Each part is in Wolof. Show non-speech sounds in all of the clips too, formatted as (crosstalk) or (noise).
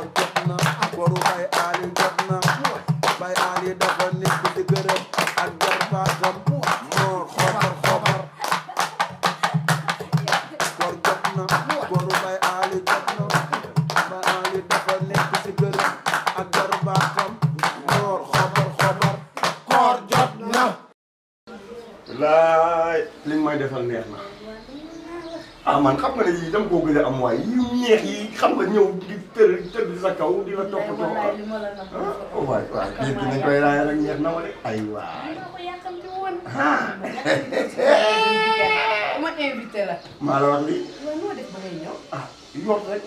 Mor koor jot na laay li may defal neex na ah xam nga ne yii dama koo gën a neex yi xam nga ñëw tëdd tëdd sa kaw di la toppatoo oh, (laughs) ah waay waay nit ki dañ koy raaya rek ñeex na ma de ay waay. ah. ma invité la. maa la wax lii. noo def ba ngay ñëw. ah yor rek.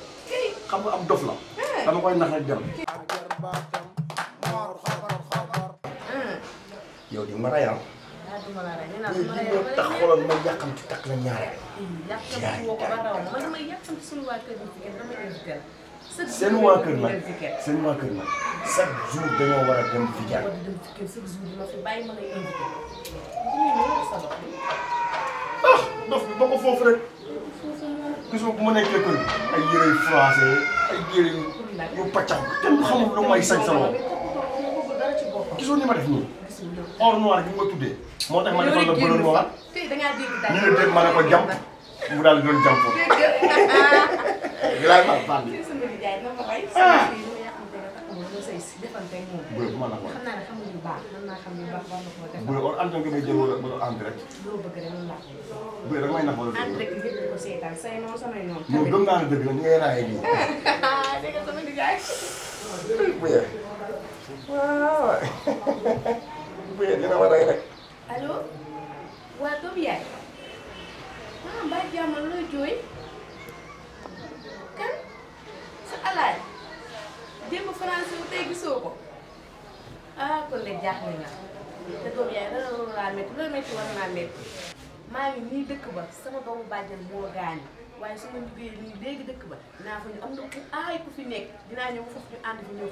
xam nga am dof la. dama koy nax rek dem. yow di ma rayal. ah du ma la rey nee naa du ma la rey tax xoolal ma yàqamti takk la ñaareel. yàqamti woo ko ba raw ma ma yàqamti suñu waa kër gi dama invité la. seen waa kër nag seen waa kër nag chaque jour dañoo war a dem Viviane. ah dof bi ba ko foofu rek gis bu ma nekkee kër ay yére yu français ay yére yu pàccax kenn xamul lu may sañ sa lool gisoo ni ma def nii or noir bi ma tuddee. moo tax ma defal la bleu noir ñu ne dégg ma ne ko jàmp mu daal di doon jàmp (laughs) Ilaay Fall Fall bi. ah. bu dee bu ma la ko waxee. bu dee on entretien nga may jël wala wala en direct. bu dee da nga may nax wala dëgg. non gëm naa ne dëgg la ñu ngay raayee nii. bu (laughs) ah, dee. waaw waay bu dee dina ma rey rek. allo. waa Tobi yaay. ah mbaa jàmm looy jooy. war naa metti maa ngi nii dëkk ba sama doomu bàjjan moo gaañu waaye su ma jógee nii léegi dëkk ba naa fa ñu am na ku aay ku fi nekk dinaa ñëw foofu ñu ànd fi ñëw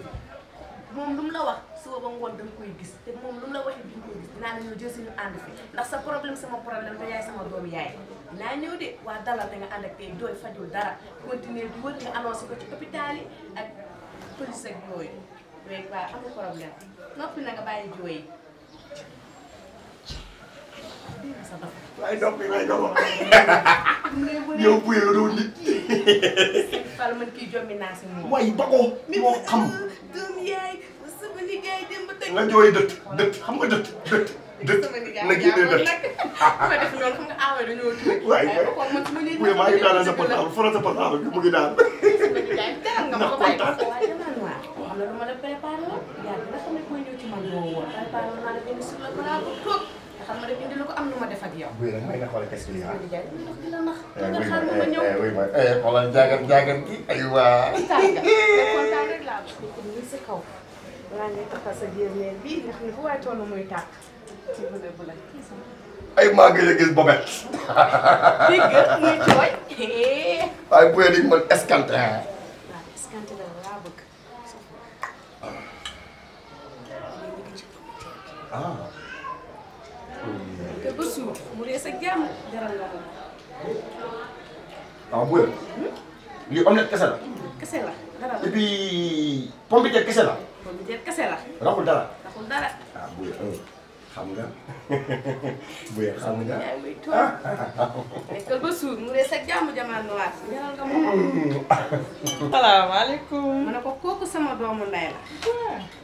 la wax suba ba ngoon danga koy gis te moom la waxee bi nga koy ànd fi ndax sa problème sama problème da yaay sama doom yaay naa ñëw de waa dalal da nga ànd ak tey dooy fajul dara continuer di wër nga annoncé ko ci hôpital ak police ak yooyu waaye waa amul problème noppi na nga bàyyi jooy waaye ndox mi may doon wax. yow bu yow doon nit. Fall man kii jommi naa si moom. waaye ba ko moo xam. doom yaay sama liggéey dem ba tey. nga jooy dëtt dëtt xam nga dëtt dëtt. dëtt nag yi dee dëtt. ma def loolu xam nga awa dañoo tudd. waaye waaye maa ngi daanal sa portable faral sa portable bi mu ngi daan. ndax kontaan. xam nga lu ma la préparé woon. yàlla nga xam ne koy ñëw ci man moo woon préparé naa la benn sur le plat bu toog. te xam nga rek indi lu ko am lu ma def ak yow. buy rek may nga xool test bi ah. ndax dina nax. dina xaar ma eh, ñëw wuy eh, ma eh, xoolal jaagan jaagan gi aywa. (laughs) kontaan rek laa bëgg. ñu ngi si kaw. balaa ngay taxal sa biir neen bii nga xam ne fu waay toll muy tàkk. ci bu la ay maa ngi lay gis (laughs) (laughs) bu yee di man escanté. waaw ba ba suur mu rees ak jàmm jaral la waaw bu lii omelette kese la. kese la dara la et puis pomme de terre kese la. pomme de terre kese la. raxul dara. raxul mu rees ak jàmm jamono moom. salaamaaleykum. ma ne ko kooku sama doomu ndey la.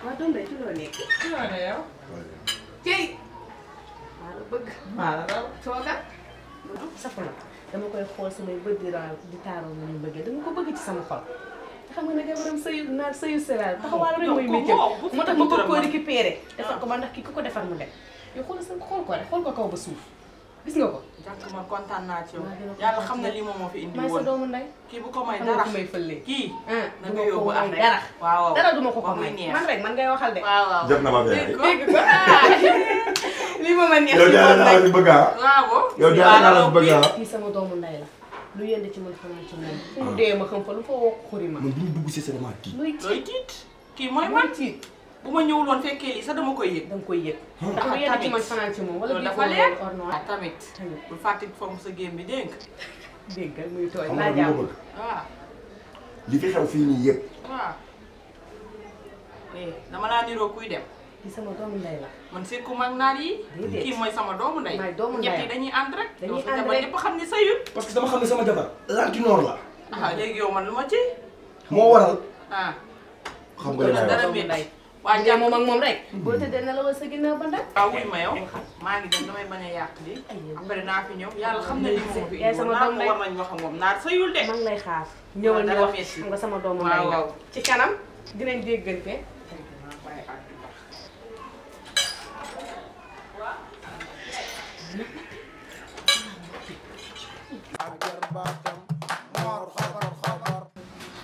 waaw doom ndey ci loo nekk. ci loo ne yow. tey. maa la bëgg. maa la raw toogal. safu dama koy xool samay bët di raal di taaroo ma ñu bëggee dama ko bëgg ci sama xol. xam nga nag waram sëyu naan sëyu sëlaal taxawal rek mooy ma bëgg koo récupéré ah. defar ko ma ndax ko defar mu dem yow xool ko rek xool ko kaw ba suuf ko exactement kontaan naa ci yow na lii moom moo fi indi woon may sa doomu ndey kii bu ko may dara may fëllee kii ah, na nga yóbbu am rek dara waaw dara du ko ko may man rek man ngay waxal de waaw waaw jot na ma dégg ko (laughs) lii ma ma neex yow jaaree a. Ah? waaw yow jaaree naa la fi bëgg a. Ah? kii sama doomu ndey la lu yënd ci man xanaa ci ah. mu dee ma xam fa lu fa woo xuri ma. man bu ñu dugg si sa damaa tiit. looy bu ma ñëwul woon fekkee lii sax dama koy yëg. dama koy yëg. ndax lu yënd ci man xanaa ci moom wala dafa leer tamit (laughs) li fi xew fii nii yëpp. Eh, dama laa niroo kuy dem. kii sama doomu ndey la. man sékku mag naar yi. déedéet kii mooy sama doomu ndey. maay doomu ndey ñett dañuy ànd rek. dañuy ànd rek ñëpp xam ne sayul. parce que dama xam ne sama jabar lanti noor la. ah léegi yow man lu ma ci. moo waral. ah xam nga dara dara mi ndey. waa jàmm moom ak moom rek. boo tëddee ne la wala sa ginnaaw ba ndax. waaw wuy ma yow maa ngi dem damay bañ a yàq lii. après naa fi ñëw yàlla xam na ni moom fi. sama doom war nañ wax ak moom naar sayul de. maa ngi lay xaar ñëwal ñu wax xam nga sama doomu ndey la ci kanam dinañ déggante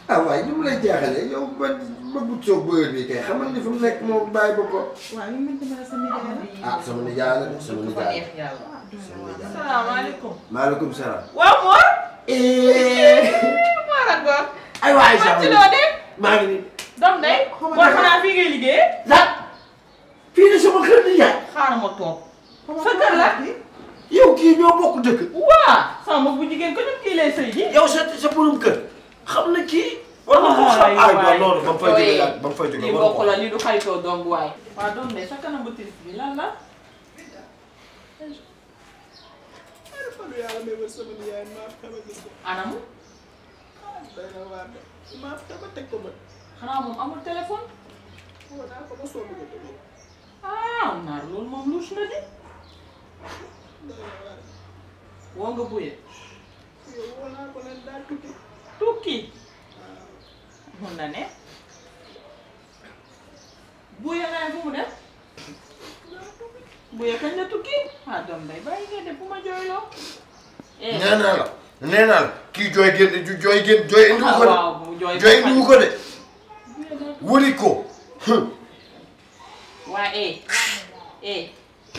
ah waaye ni mu lay jaaxalee yow ba bëggut soog ba heure bii kay xamal ni fu mu nekk moom bàyyi ba ko. waaw li mu mënti mën a sama nijaay la. ah sama nijaay la de sama nijaay la. salaamaaleykum. maaleykum salaam. waaw Mor. Eh. (laughs) Mor ak Mor. ay waay sax ci loo de. maa ngi nii. doom day. Mor xanaa fii ngay liggéey. lan. fii de sama kër nijaay. xaaral ma toog. sa kër la. kii ñoo bokk dëkk. waaw sama bu jigéen ko ñun kii lay sëy ji. yow sa sa borom kër xam ba mu fay jógee daal ba mu fay jógee. war na ko la lii du xaritoo bu tiis bi lan la. anamu. xanaa ah naar loolu moom woo nga buye. yow woo naa ko ne daa na ne. buye naa fu mu def. buye bu ma jooyloo. Eh. nee naa la nee naa la kii jooy génn ju jooy génn jooy indi wu ko de ah, jooy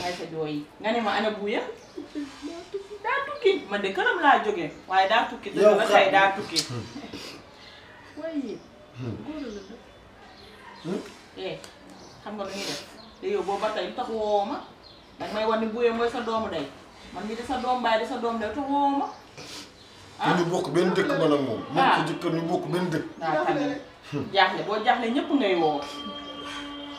waaye sa jooy yi nga ne ma ana buuya daa tukki man de këram laa jógee waaye daa tukki te la daa tukki hmm. waaye hmm. góor la hmm? eh xam nga lu ñuy def te eh, yow boobu ba tey tax woo ma danga may wax ni buuya mooy sa doomu day man mii di doom baay di doom day lu tax woo ma ah. bokk benn dëkk man moom. waaw ah. moom bokk benn dëkk. jaaxle boo jaaxle ñëpp ngay woo.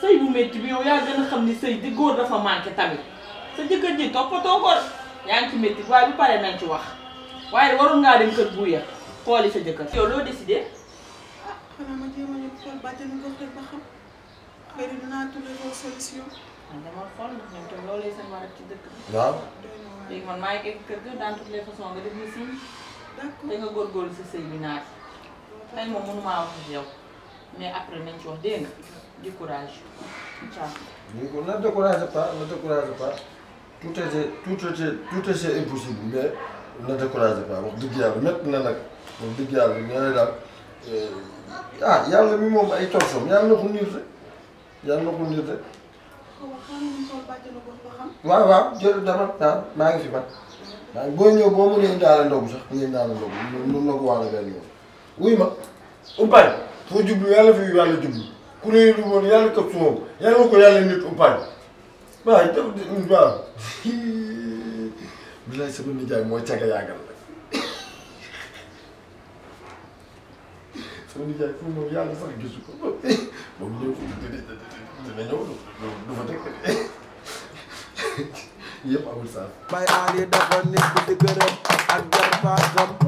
sëy bu métti bi yow yaa gën a xam ni sëy di góor dafa manqué tamit sa jëkkër ji toppatoo ko yaa ngi ci métti waaye bu paree nañ ci wax waaye waroon ngaa dem kër buuya xooli sa jëkkër. yow loo décidé. ah xanaa ma a ñu xool bàjjenu gox man dama xool ndax loolu lay seen war ci dëkk bi. waaw. léegi man maa ngi egg kër ga dans toutes les nga def ñu si. d'accord te nga sa sëy bi naaj. tey moom mënumaa wax ak yow. mais après nañ ci wax dégg nga du courage incha allah. na décourage pas na décourage pas tout est tout est tout est impossible mais na décourage pas wax dëgg yàlla métti na nag wax eh, ah, mi moom ay torsom yàlla na ko niir rek yàlla na ko niir rek. waaw waaw jërëjëf dama waaw maa ngi fi man maa ngi boo ñëw boo mënee daal ndogu ma umpare foo jublu yàlla fi yàlla jublu ku ne lu woon yàlla këpp su moom yàlla ko yàlla nit umpaañ waaw daf waaw (laughs) bilaay sama nijaay mooy caga yàggal la (laughs) sama nijaay foofu moom yàlla sax gisu ko (laughs) moom ñëw dina ñëw du fa teg yëpp amul sax bay aali dafa nekk dëgëram ak jarfaatam